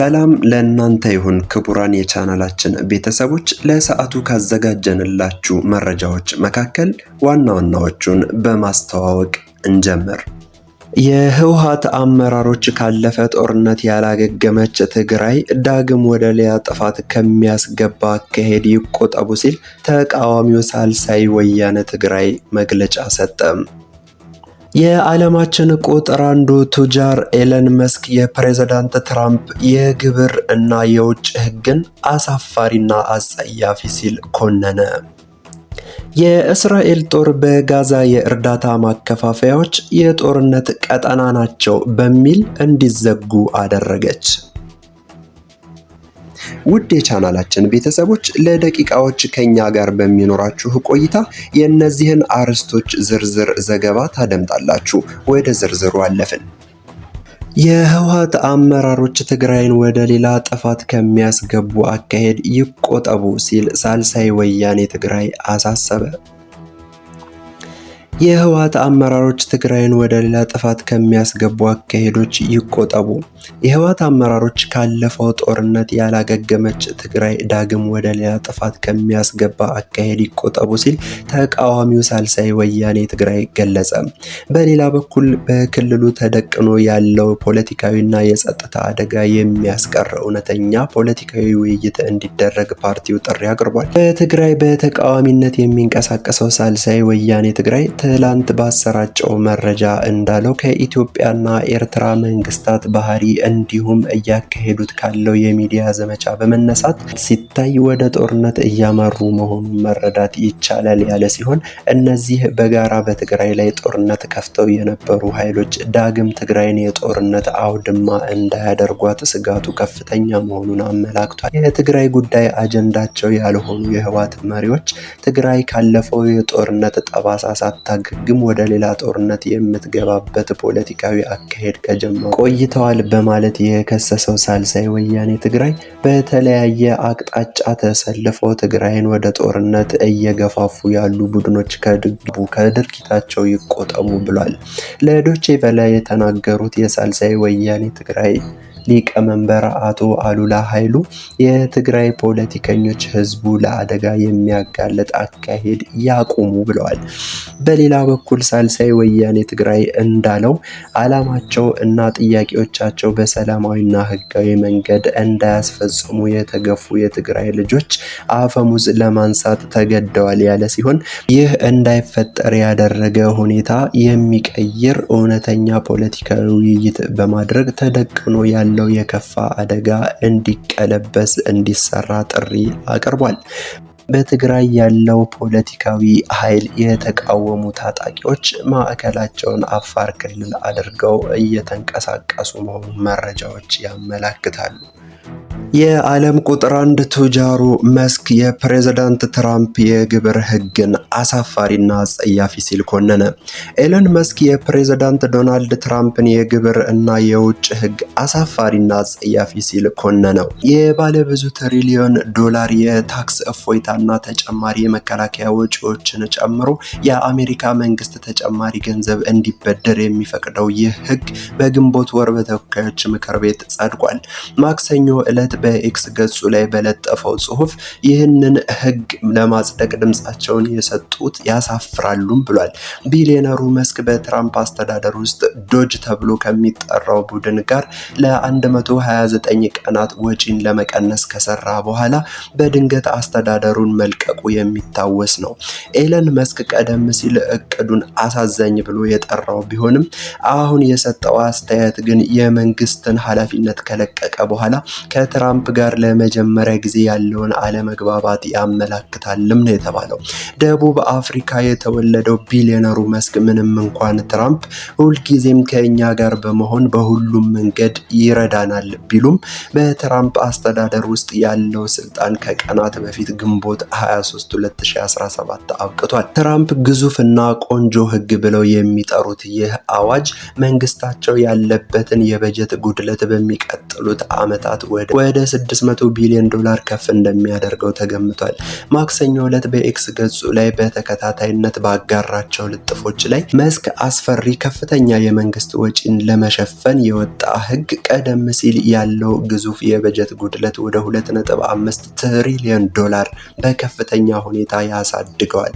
ሰላም ለእናንተ ይሁን ክቡራን የቻናላችን ቤተሰቦች፣ ለሰዓቱ ካዘጋጀንላችሁ መረጃዎች መካከል ዋና ዋናዎቹን በማስተዋወቅ እንጀምር። የህወሓት አመራሮች ካለፈ ጦርነት ያላገገመች ትግራይ ዳግም ወደ ሌላ ጥፋት ከሚያስገባ አካሄድ ይቆጠቡ ሲል ተቃዋሚው ሳልሳይ ወያነ ትግራይ መግለጫ ሰጠም። የዓለማችን ቁጥር አንዱ ቱጃር ኤለን መስክ የፕሬዝዳንት ትራምፕ የግብር እና የውጭ ህግን አሳፋሪና አጸያፊ ሲል ኮነነ። የእስራኤል ጦር በጋዛ የእርዳታ ማከፋፈያዎች የጦርነት ቀጠና ናቸው በሚል እንዲዘጉ አደረገች። ውድ የቻናላችን ቤተሰቦች ለደቂቃዎች ከኛ ጋር በሚኖራችሁ ቆይታ የእነዚህን አርዕስቶች ዝርዝር ዘገባ ታደምጣላችሁ። ወደ ዝርዝሩ አለፍን። የህወሓት አመራሮች ትግራይን ወደ ሌላ ጥፋት ከሚያስገቡ አካሄድ ይቆጠቡ ሲል ሳልሳይ ወያኔ ትግራይ አሳሰበ። የህወሓት አመራሮች ትግራይን ወደ ሌላ ጥፋት ከሚያስገቡ አካሄዶች ይቆጠቡ። የህወሓት አመራሮች ካለፈው ጦርነት ያላገገመች ትግራይ ዳግም ወደ ሌላ ጥፋት ከሚያስገባ አካሄድ ይቆጠቡ ሲል ተቃዋሚው ሳልሳይ ወያኔ ትግራይ ገለጸ። በሌላ በኩል በክልሉ ተደቅኖ ያለው ፖለቲካዊና የጸጥታ አደጋ የሚያስቀር እውነተኛ ፖለቲካዊ ውይይት እንዲደረግ ፓርቲው ጥሪ አቅርቧል። በትግራይ በተቃዋሚነት የሚንቀሳቀሰው ሳልሳይ ወያኔ ትግራይ ትላንት ባሰራጨው መረጃ እንዳለው ከኢትዮጵያና ኤርትራ መንግስታት ባህሪ እንዲሁም እያካሄዱት ካለው የሚዲያ ዘመቻ በመነሳት ሲታይ ወደ ጦርነት እያመሩ መሆኑን መረዳት ይቻላል ያለ ሲሆን እነዚህ በጋራ በትግራይ ላይ ጦርነት ከፍተው የነበሩ ኃይሎች ዳግም ትግራይን የጦርነት አውድማ እንዳያደርጓት ስጋቱ ከፍተኛ መሆኑን አመላክቷል። የትግራይ ጉዳይ አጀንዳቸው ያልሆኑ የህወሓት መሪዎች ትግራይ ካለፈው የጦርነት ጠባሳ ሳታገግም ወደ ሌላ ጦርነት የምትገባበት ፖለቲካዊ አካሄድ ከጀመሩ ቆይተዋል። በማለት የከሰሰው ሳልሳይ ወያኔ ትግራይ በተለያየ አቅጣጫ ተሰልፎ ትግራይን ወደ ጦርነት እየገፋፉ ያሉ ቡድኖች ከድቡ ከድርጊታቸው ይቆጠቡ ብሏል። ለዶቼ በላይ የተናገሩት የሳልሳይ ወያኔ ትግራይ ሊቀመንበር አቶ አሉላ ኃይሉ የትግራይ ፖለቲከኞች ህዝቡ ለአደጋ የሚያጋለጥ አካሄድ ያቁሙ ብለዋል። በሌላ በኩል ሳልሳይ ወያኔ ትግራይ እንዳለው አላማቸው እና ጥያቄዎቻቸው በሰላማዊና ህጋዊ መንገድ እንዳያስፈጽሙ የተገፉ የትግራይ ልጆች አፈሙዝ ለማንሳት ተገደዋል ያለ ሲሆን ይህ እንዳይፈጠር ያደረገ ሁኔታ የሚቀይር እውነተኛ ፖለቲካዊ ውይይት በማድረግ ተደቅኖ ያለ ያለው የከፋ አደጋ እንዲቀለበስ እንዲሰራ ጥሪ አቅርቧል። በትግራይ ያለው ፖለቲካዊ ኃይል የተቃወሙ ታጣቂዎች ማዕከላቸውን አፋር ክልል አድርገው እየተንቀሳቀሱ መሆኑን መረጃዎች ያመላክታሉ። የዓለም ቁጥር አንድ ቱጃሩ መስክ የፕሬዝዳንት ትራምፕ የግብር ህግን አሳፋሪና አጸያፊ ሲል ኮነነ። ኤለን መስክ የፕሬዝዳንት ዶናልድ ትራምፕን የግብር እና የውጭ ህግ አሳፋሪና አጸያፊ ሲል ኮነነው። የባለብዙ ትሪሊዮን ዶላር የታክስ እፎይታና ተጨማሪ የመከላከያ ወጪዎችን ጨምሮ የአሜሪካ መንግስት ተጨማሪ ገንዘብ እንዲበደር የሚፈቅደው ይህ ህግ በግንቦት ወር በተወካዮች ምክር ቤት ጸድቋል። ማክሰኞ ዕለት በኤክስ ገጹ ላይ በለጠፈው ጽሁፍ ይህንን ህግ ለማጽደቅ ድምጻቸውን የሰጡት ያሳፍራሉም ብሏል። ቢሊዮነሩ መስክ በትራምፕ አስተዳደር ውስጥ ዶጅ ተብሎ ከሚጠራው ቡድን ጋር ለ129 ቀናት ወጪን ለመቀነስ ከሰራ በኋላ በድንገት አስተዳደሩን መልቀቁ የሚታወስ ነው። ኤለን መስክ ቀደም ሲል እቅዱን አሳዛኝ ብሎ የጠራው ቢሆንም አሁን የሰጠው አስተያየት ግን የመንግስትን ኃላፊነት ከለቀቀ በኋላ ከትራ ከትራምፕ ጋር ለመጀመሪያ ጊዜ ያለውን አለመግባባት ያመላክታልም ነው የተባለው። ደቡብ አፍሪካ የተወለደው ቢሊዮነሩ መስክ ምንም እንኳን ትራምፕ ሁልጊዜም ከእኛ ጋር በመሆን በሁሉም መንገድ ይረዳናል ቢሉም በትራምፕ አስተዳደር ውስጥ ያለው ስልጣን ከቀናት በፊት ግንቦት 23 2017 አብቅቷል። ትራምፕ ግዙፍና ቆንጆ ሕግ ብለው የሚጠሩት ይህ አዋጅ መንግስታቸው ያለበትን የበጀት ጉድለት በሚቀጥሉት ዓመታት ወደ 600 ቢሊዮን ዶላር ከፍ እንደሚያደርገው ተገምቷል። ማክሰኞ ዕለት በኤክስ ገጹ ላይ በተከታታይነት ባጋራቸው ልጥፎች ላይ መስክ አስፈሪ ከፍተኛ የመንግስት ወጪን ለመሸፈን የወጣ ህግ ቀደም ሲል ያለው ግዙፍ የበጀት ጉድለት ወደ 2.5 ትሪሊዮን ዶላር በከፍተኛ ሁኔታ ያሳድገዋል።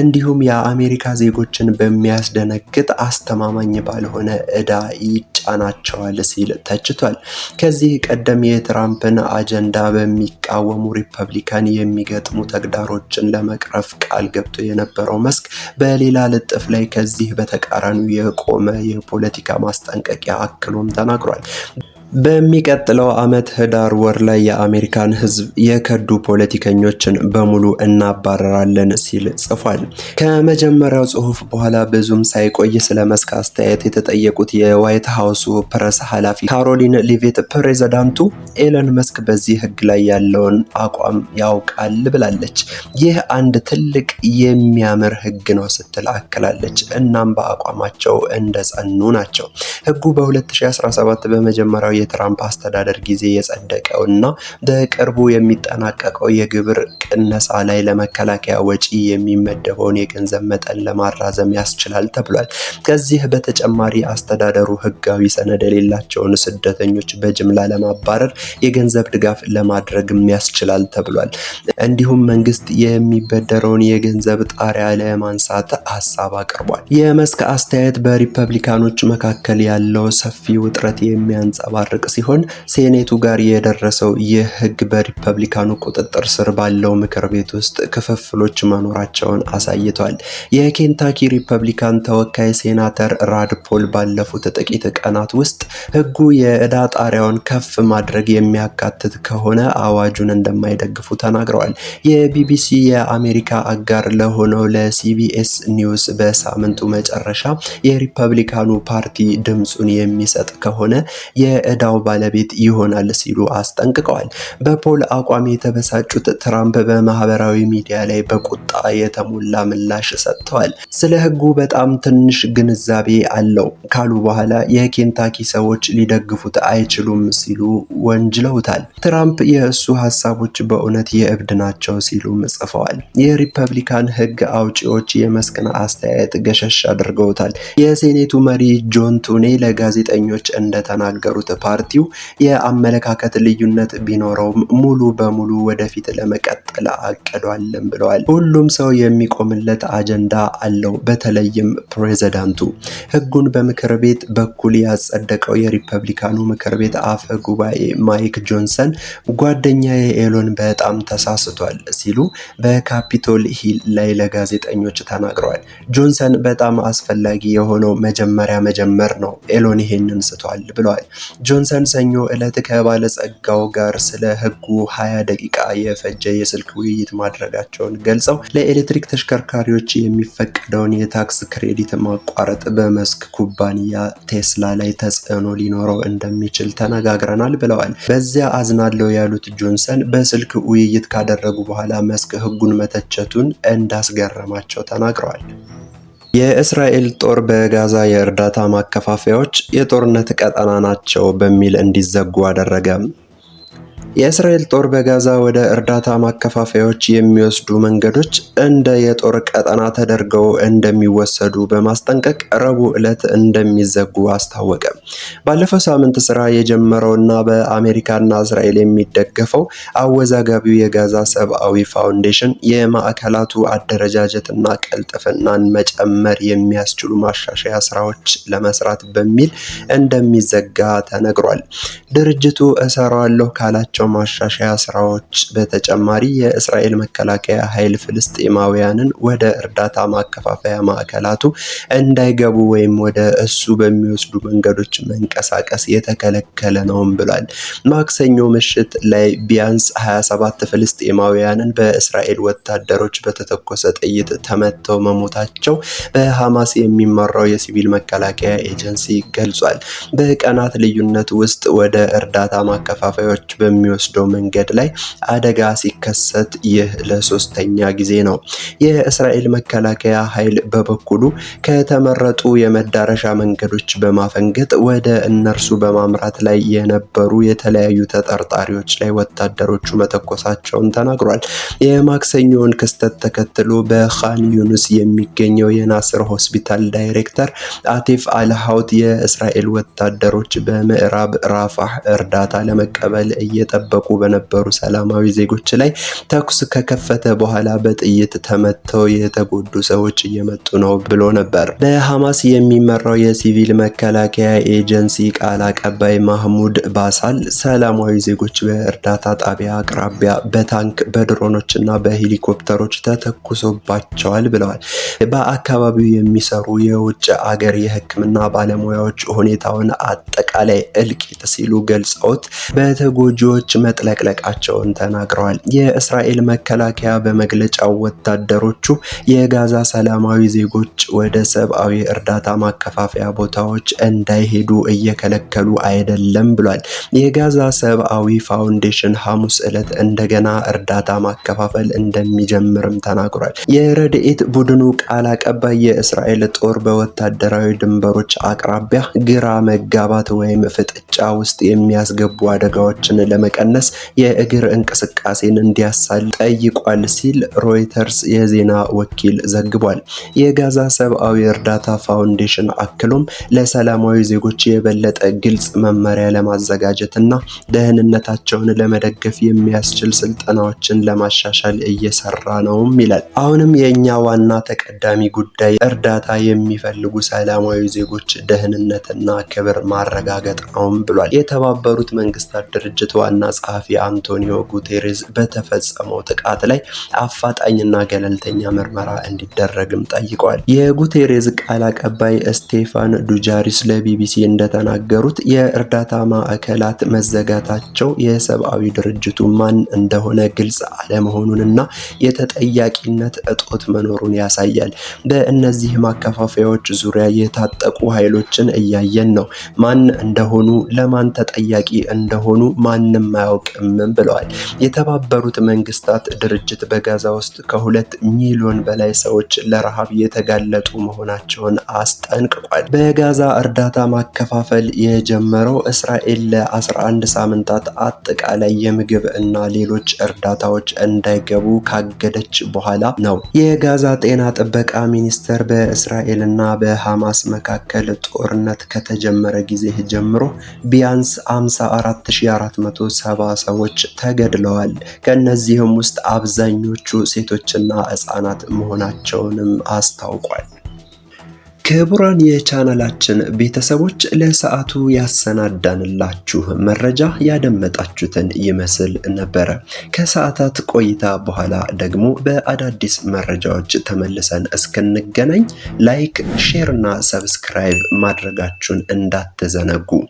እንዲሁም የአሜሪካ ዜጎችን በሚያስደነግጥ አስተማማኝ ባልሆነ እዳ ይጫናቸዋል ሲል ተችቷል። ከዚህ ቀደም የትራምፕ የትራምፕን አጀንዳ በሚቃወሙ ሪፐብሊካን የሚገጥሙ ተግዳሮችን ለመቅረፍ ቃል ገብቶ የነበረው መስክ በሌላ ልጥፍ ላይ ከዚህ በተቃራኒው የቆመ የፖለቲካ ማስጠንቀቂያ አክሎም ተናግሯል። በሚቀጥለው ዓመት ህዳር ወር ላይ የአሜሪካን ህዝብ የከዱ ፖለቲከኞችን በሙሉ እናባረራለን ሲል ጽፏል። ከመጀመሪያው ጽሑፍ በኋላ ብዙም ሳይቆይ ስለ መስክ አስተያየት የተጠየቁት የዋይት ሀውሱ ፕረስ ኃላፊ ካሮሊን ሊቬት ፕሬዚዳንቱ ኤለን መስክ በዚህ ህግ ላይ ያለውን አቋም ያውቃል ብላለች። ይህ አንድ ትልቅ የሚያምር ህግ ነው ስትል አክላለች። እናም በአቋማቸው እንደጸኑ ናቸው። ህጉ በ2017 በመጀመሪያው የትራምፕ አስተዳደር ጊዜ የጸደቀው እና በቅርቡ የሚጠናቀቀው የግብር ቅነሳ ላይ ለመከላከያ ወጪ የሚመደበውን የገንዘብ መጠን ለማራዘም ያስችላል ተብሏል። ከዚህ በተጨማሪ አስተዳደሩ ህጋዊ ሰነድ የሌላቸውን ስደተኞች በጅምላ ለማባረር የገንዘብ ድጋፍ ለማድረግም ያስችላል ተብሏል። እንዲሁም መንግስት የሚበደረውን የገንዘብ ጣሪያ ለማንሳት ሀሳብ አቅርቧል። የመስክ አስተያየት በሪፐብሊካኖች መካከል ያለው ሰፊ ውጥረት የሚያንጸባር የሚያንጸባርቅ ሲሆን ሴኔቱ ጋር የደረሰው ይህ ህግ በሪፐብሊካኑ ቁጥጥር ስር ባለው ምክር ቤት ውስጥ ክፍፍሎች መኖራቸውን አሳይቷል። የኬንታኪ ሪፐብሊካን ተወካይ ሴናተር ራድ ፖል ባለፉት ጥቂት ቀናት ውስጥ ህጉ የእዳ ጣሪያውን ከፍ ማድረግ የሚያካትት ከሆነ አዋጁን እንደማይደግፉ ተናግረዋል። የቢቢሲ የአሜሪካ አጋር ለሆነው ለሲቢኤስ ኒውስ በሳምንቱ መጨረሻ የሪፐብሊካኑ ፓርቲ ድምፁን የሚሰጥ ከሆነ የዕዳ የዕዳው ባለቤት ይሆናል ሲሉ አስጠንቅቀዋል። በፖል አቋም የተበሳጩት ትራምፕ በማህበራዊ ሚዲያ ላይ በቁጣ የተሞላ ምላሽ ሰጥተዋል። ስለ ሕጉ በጣም ትንሽ ግንዛቤ አለው ካሉ በኋላ የኬንታኪ ሰዎች ሊደግፉት አይችሉም ሲሉ ወንጅለውታል። ትራምፕ የእሱ ሀሳቦች በእውነት የእብድ ናቸው ሲሉም ጽፈዋል። የሪፐብሊካን ሕግ አውጪዎች የመስክን አስተያየት ገሸሽ አድርገውታል። የሴኔቱ መሪ ጆን ቱኔ ለጋዜጠኞች እንደተናገሩት ፓርቲው የአመለካከት ልዩነት ቢኖረውም ሙሉ በሙሉ ወደፊት ለመቀጠል አቅዷለን ብለዋል። ሁሉም ሰው የሚቆምለት አጀንዳ አለው። በተለይም ፕሬዝዳንቱ ህጉን በምክር ቤት በኩል ያጸደቀው የሪፐብሊካኑ ምክር ቤት አፈ ጉባኤ ማይክ ጆንሰን ጓደኛዬ ኤሎን በጣም ተሳስቷል ሲሉ በካፒቶል ሂል ላይ ለጋዜጠኞች ተናግረዋል። ጆንሰን በጣም አስፈላጊ የሆነው መጀመሪያ መጀመር ነው፣ ኤሎን ይሄንን ስቷል ብለዋል። ጆንሰን ሰኞ ዕለት ከባለጸጋው ጋር ስለ ህጉ 20 ደቂቃ የፈጀ የስልክ ውይይት ማድረጋቸውን ገልጸው ለኤሌክትሪክ ተሽከርካሪዎች የሚፈቀደውን የታክስ ክሬዲት ማቋረጥ በመስክ ኩባንያ ቴስላ ላይ ተጽዕኖ ሊኖረው እንደሚችል ተነጋግረናል ብለዋል። በዚያ አዝናለው ያሉት ጆንሰን በስልክ ውይይት ካደረጉ በኋላ መስክ ሕጉን መተቸቱን እንዳስገረማቸው ተናግረዋል። የእስራኤል ጦር በጋዛ የእርዳታ ማከፋፈያዎች የጦርነት ቀጠና ናቸው በሚል እንዲዘጉ አደረገ። የእስራኤል ጦር በጋዛ ወደ እርዳታ ማከፋፈያዎች የሚወስዱ መንገዶች እንደ የጦር ቀጠና ተደርገው እንደሚወሰዱ በማስጠንቀቅ ረቡዕ ዕለት እንደሚዘጉ አስታወቀ። ባለፈው ሳምንት ስራ የጀመረውና በአሜሪካና እስራኤል የሚደገፈው አወዛጋቢው የጋዛ ሰብአዊ ፋውንዴሽን የማዕከላቱ አደረጃጀትና ቅልጥፍናን መጨመር የሚያስችሉ ማሻሻያ ስራዎች ለመስራት በሚል እንደሚዘጋ ተነግሯል። ድርጅቱ እሰራዋለሁ ካላቸው ከሚሰሯቸው ማሻሻያ ስራዎች በተጨማሪ የእስራኤል መከላከያ ኃይል ፍልስጤማውያንን ወደ እርዳታ ማከፋፈያ ማዕከላቱ እንዳይገቡ ወይም ወደ እሱ በሚወስዱ መንገዶች መንቀሳቀስ የተከለከለ ነውም ብሏል። ማክሰኞ ምሽት ላይ ቢያንስ 27 ፍልስጤማውያንን በእስራኤል ወታደሮች በተተኮሰ ጥይት ተመተው መሞታቸው በሐማስ የሚመራው የሲቪል መከላከያ ኤጀንሲ ገልጿል። በቀናት ልዩነት ውስጥ ወደ እርዳታ ማከፋፈያዎች በሚ በሚወስደው መንገድ ላይ አደጋ ሲከሰት ይህ ለሶስተኛ ጊዜ ነው። የእስራኤል መከላከያ ኃይል በበኩሉ ከተመረጡ የመዳረሻ መንገዶች በማፈንገጥ ወደ እነርሱ በማምራት ላይ የነበሩ የተለያዩ ተጠርጣሪዎች ላይ ወታደሮቹ መተኮሳቸውን ተናግሯል። የማክሰኞውን ክስተት ተከትሎ በኻን ዩኑስ የሚገኘው የናስር ሆስፒታል ዳይሬክተር አቲፍ አልሃውት የእስራኤል ወታደሮች በምዕራብ ራፋህ እርዳታ ለመቀበል እየጠ ሲጠበቁ በነበሩ ሰላማዊ ዜጎች ላይ ተኩስ ከከፈተ በኋላ በጥይት ተመተው የተጎዱ ሰዎች እየመጡ ነው ብሎ ነበር። በሐማስ የሚመራው የሲቪል መከላከያ ኤጀንሲ ቃል አቀባይ ማህሙድ ባሳል ሰላማዊ ዜጎች በእርዳታ ጣቢያ አቅራቢያ በታንክ በድሮኖች እና በሄሊኮፕተሮች ተተኩሶባቸዋል ብለዋል። በአካባቢው የሚሰሩ የውጭ አገር የሕክምና ባለሙያዎች ሁኔታውን አጠቃላይ እልቂት ሲሉ ገልጸውት በተጎጂዎች መጥለቅለቃቸውን ተናግረዋል። የእስራኤል መከላከያ በመግለጫው ወታደሮቹ የጋዛ ሰላማዊ ዜጎች ወደ ሰብአዊ እርዳታ ማከፋፈያ ቦታዎች እንዳይሄዱ እየከለከሉ አይደለም ብሏል። የጋዛ ሰብአዊ ፋውንዴሽን ሐሙስ ዕለት እንደገና እርዳታ ማከፋፈል እንደሚጀምርም ተናግሯል። የረድኤት ቡድኑ ቃል አቀባይ የእስራኤል ጦር በወታደራዊ ድንበሮች አቅራቢያ ግራ መጋባት ወይም ፍጥጫ ውስጥ የሚያስገቡ አደጋዎችን ለመቀ በመቀነስ የእግር እንቅስቃሴን እንዲያሳል ጠይቋል ሲል ሮይተርስ የዜና ወኪል ዘግቧል። የጋዛ ሰብአዊ እርዳታ ፋውንዴሽን አክሎም ለሰላማዊ ዜጎች የበለጠ ግልጽ መመሪያ ለማዘጋጀት ና ደህንነታቸውን ለመደገፍ የሚያስችል ስልጠናዎችን ለማሻሻል እየሰራ ነውም ይላል። አሁንም የእኛ ዋና ተቀዳሚ ጉዳይ እርዳታ የሚፈልጉ ሰላማዊ ዜጎች ደህንነትና ክብር ማረጋገጥ ነውም ብሏል። የተባበሩት መንግስታት ድርጅት ዋና ጸሐፊ አንቶኒዮ ጉቴሬዝ በተፈጸመው ጥቃት ላይ አፋጣኝና ገለልተኛ ምርመራ እንዲደረግም ጠይቋል። የጉቴሬዝ ቃል አቀባይ ስቴፋን ዱጃሪስ ለቢቢሲ እንደተናገሩት የእርዳታ ማዕከላት መዘጋታቸው የሰብአዊ ድርጅቱ ማን እንደሆነ ግልጽ አለመሆኑንና የተጠያቂነት እጦት መኖሩን ያሳያል። በእነዚህ ማከፋፈያዎች ዙሪያ የታጠቁ ኃይሎችን እያየን ነው። ማን እንደሆኑ፣ ለማን ተጠያቂ እንደሆኑ ማንም አያውቅምም ብለዋል። የተባበሩት መንግስታት ድርጅት በጋዛ ውስጥ ከሁለት ሚሊዮን በላይ ሰዎች ለረሃብ የተጋለጡ መሆናቸውን አስጠንቅቋል። በጋዛ እርዳታ ማከፋፈል የጀመረው እስራኤል ለ11 ሳምንታት አጠቃላይ የምግብ እና ሌሎች እርዳታዎች እንዳይገቡ ካገደች በኋላ ነው። የጋዛ ጤና ጥበቃ ሚኒስቴር በእስራኤል እና በሐማስ መካከል ጦርነት ከተጀመረ ጊዜ ጀምሮ ቢያንስ 54460 ሰባ ሰዎች ተገድለዋል። ከእነዚህም ውስጥ አብዛኞቹ ሴቶችና ህጻናት መሆናቸውንም አስታውቋል። ክቡራን የቻናላችን ቤተሰቦች ለሰዓቱ ያሰናዳንላችሁ መረጃ ያደመጣችሁትን ይመስል ነበረ። ከሰዓታት ቆይታ በኋላ ደግሞ በአዳዲስ መረጃዎች ተመልሰን እስክንገናኝ ላይክ፣ ሼር እና ሰብስክራይብ ማድረጋችሁን እንዳትዘነጉ።